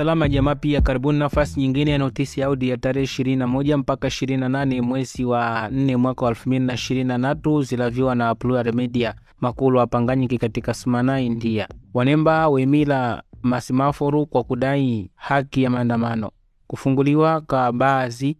salama jamaa pia karibuni nafasi nyingine ya notisi ya Audi ya tarehe 21 mpaka 28 mwezi wa 4 mwaka wa 2023 zilaviwa na Plural Media makulu apanganyiki katika Sumana, India wanemba wemila masimaforu kwa kudai haki ya maandamano kufunguliwa ka baadhi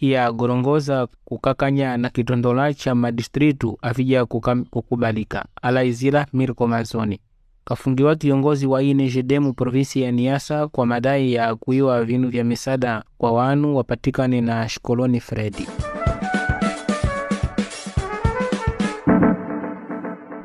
ya gorongoza kukakanya na kitondola cha madistritu avija kukubalika alaizila Mirko Mazoni kafungiwa kiongozi wa INGDEM provinsi ya niasa kwa madai ya kuiwa vinu vya misada kwa wanu wapatikane na shikoloni Fredi.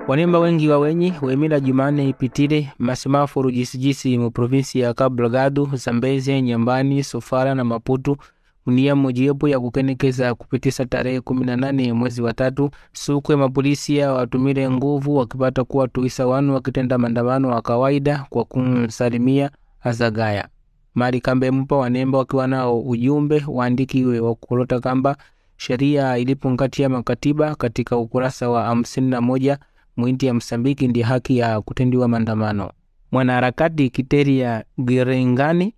Wanemba wengi wa wenyi wemila Jumane ipitile masimafuru jisijisi mu provinsi ya Cabo Zambeze, Nyambani, Sofala na maputu unia mojiepo ya kukenekeza kupitisa tarehe kumi na nane mwezi wa tatu, suku ya mapolisi watumile nguvu wakipata kuwa tuisa wanu wakitenda maandamano wa kawaida kwa kumsalimia Azagaya mali kambe mpa wanemba wakiwa nao ujumbe waandikiwe wakulota kamba sheria ilipungatia makatiba katika ukurasa wa hamsini na moja mwindi ya Msambiki ndi haki ya kutendiwa maandamano. Mwanaharakati Kiteria Girengani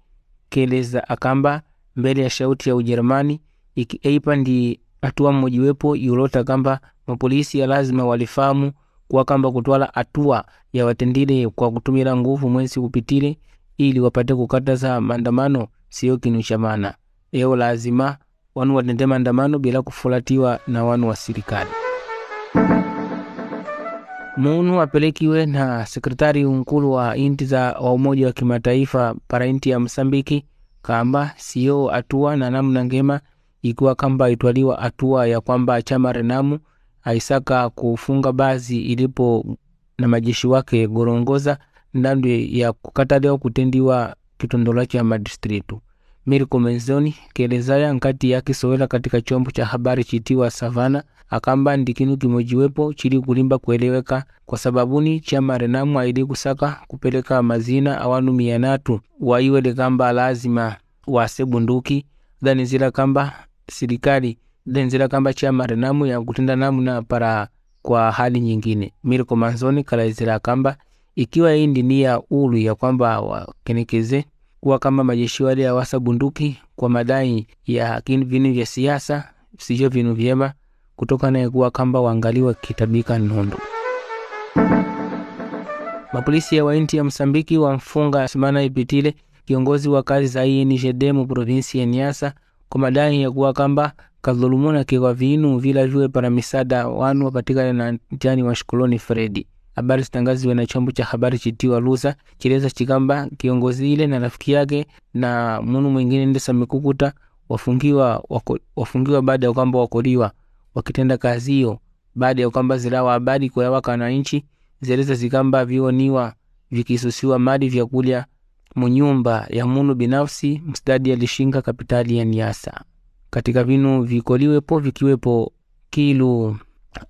keleza akamba mbele ya shauti ya Ujerumani ikiipa ndi hatua mmojiwepo yulota kamba mapolisi ya lazima walifahamu kuwa kamba kutwala hatua ya watendile kwa kutumila nguvu mwezi kupitile ili wapate kukataza maandamano sio kinu cha maana eo lazima wanu watende maandamano bila kufulatiwa na wanu wa serikali munu apelekiwe na sekretari unkulu wa inti za wa umoja wa kimataifa para inti ya Msambiki kamba sio hatua na namna ngema, ikiwa kamba itwaliwa hatua ya kwamba chama Renamu aisaka kufunga bazi ilipo na majeshi wake gorongoza ndandu ya kukataliwa kutendiwa kitondola cha madistritu Milko Menzoni kelezaya nkati yake sowela katika chombo cha habari chitiwa Savana akamba ndi kinu kimojiwepo chili kulimba kueleweka kwa sababuni chama Renamu aili kusaka kupeleka mazina awanu mia natu waiwele kamba lazima wase bunduki dhanizila kamba serikali dhanizila kamba chama Renamu ya kutenda namna para kwa hali nyingine. Milko Manzoni kalaizila kamba ikiwa hii ndi ya ulu ya kwamba wakenekeze kuwa kama majeshi wale hawasa bunduki kwa madai ya vinu vya siasa sivyo vinu vyema, kutoka na kuwa kamba waangaliwa kitabika nundu. Mapolisi ya wainti ya Msambiki wamfunga Asmana Ipitile, kiongozi wa kazi za INGDEM provinsi ya Niasa kwa madai ya kuwa kamba kadhulumuna kikwa vinu vila vyue para misada wanu wapatikana na mtihani wa shikoloni Fredi habari zitangaziwe na chombo cha habari chitiwa lusa chileza chikamba kiongozi ile na rafiki yake na munu mwingine ndesa mikukuta wafungiwa wako, wafungiwa baada ya kwamba wakoliwa wakitenda kazi hiyo baada ya kwamba zilawa habari kwa wakananchi zileza zikamba vioniwa vikisusiwa mali vya vyakulya munyumba ya munu binafsi mstadi alishinga kapitali ya niasa katika vinu vikoliwepo vikiwepo kilu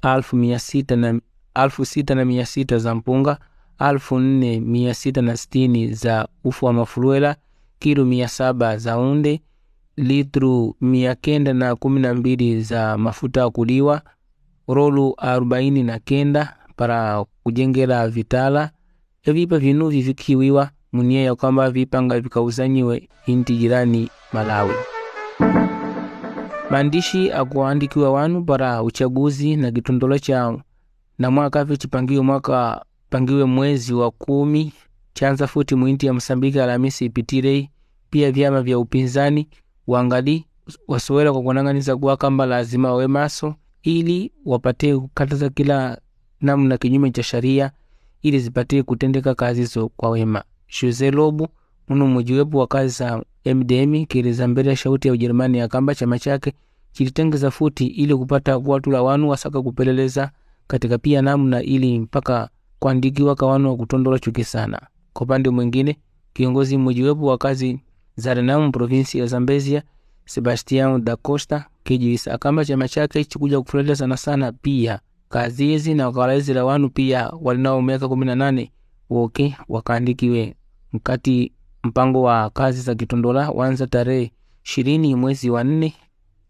alfu mia sita na alfu sita na mia sita za mpunga, alfu nne mia sita na sitini za ufu wa mafuluela, kilo mia saba za unde, litru mia kenda na kumi na mbili za mafuta ya kuliwa, rolu arobaini na kenda para kujengela vitala evipa vinuvi vikiwiwa munia ya kwamba vipanga vikauzanyiwe inti jirani Malawi. Maandishi akuandikiwa wanu para uchaguzi na kitondolo chao na mwaka viti chipangiwe mwaka pangiwe mwezi wa kumi chanza futi muinti ya msambiki alamisi ipitire pia vyama vya upinzani wangali wasowela kwa kunang'aniza kuwa kamba lazima wawe maso ili wapate kukataza kila namna kinyume cha sharia ili zipate kutendeka kazi zo kwa wema shuze lobu munu mujiwepo wa kazi za mdm kieleza mbele ya shauti ya ujerumani ya kamba chama chake chilitengeza futi ili kupata kuwatula wanu wasaka kupeleleza katika pia namna ili mpaka kuandikiwa kawano wa kutondola chuki sana. Kwa upande mwingine, kiongozi mmojawapo wa kazi za renamu provinsi ya Zambezia, Sebastião da Costa kijiisa kama chama chake chikuja kufurahia sana sana pia kazi hizi na wakalaizi la wanu pia walinao miaka kumi na nane woke wakaandikiwe mkati mpango wa kazi za kitondola wanza tarehe ishirini mwezi wa nne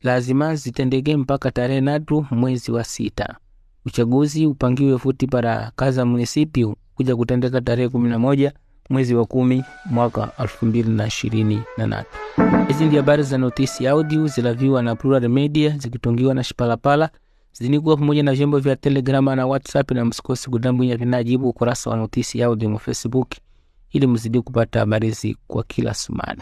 lazima zitendeke mpaka tarehe natu mwezi wa sita. Uchaguzi upangiwe futi para kaza munisipio kuja kutendeka tarehe 11 mwezi wa kumi mwaka 2028. Hizi ndio habari za Notisi Audio zilaviwa na Plural Media zikitungiwa na Shipalapala zinikuwa pamoja na vyombo vya Telegram na WhatsApp, na msikose kudambunya vinajibu ukurasa wa Notisi Audio mu Facebook ili mzidi kupata habari hizi kwa kila sumana.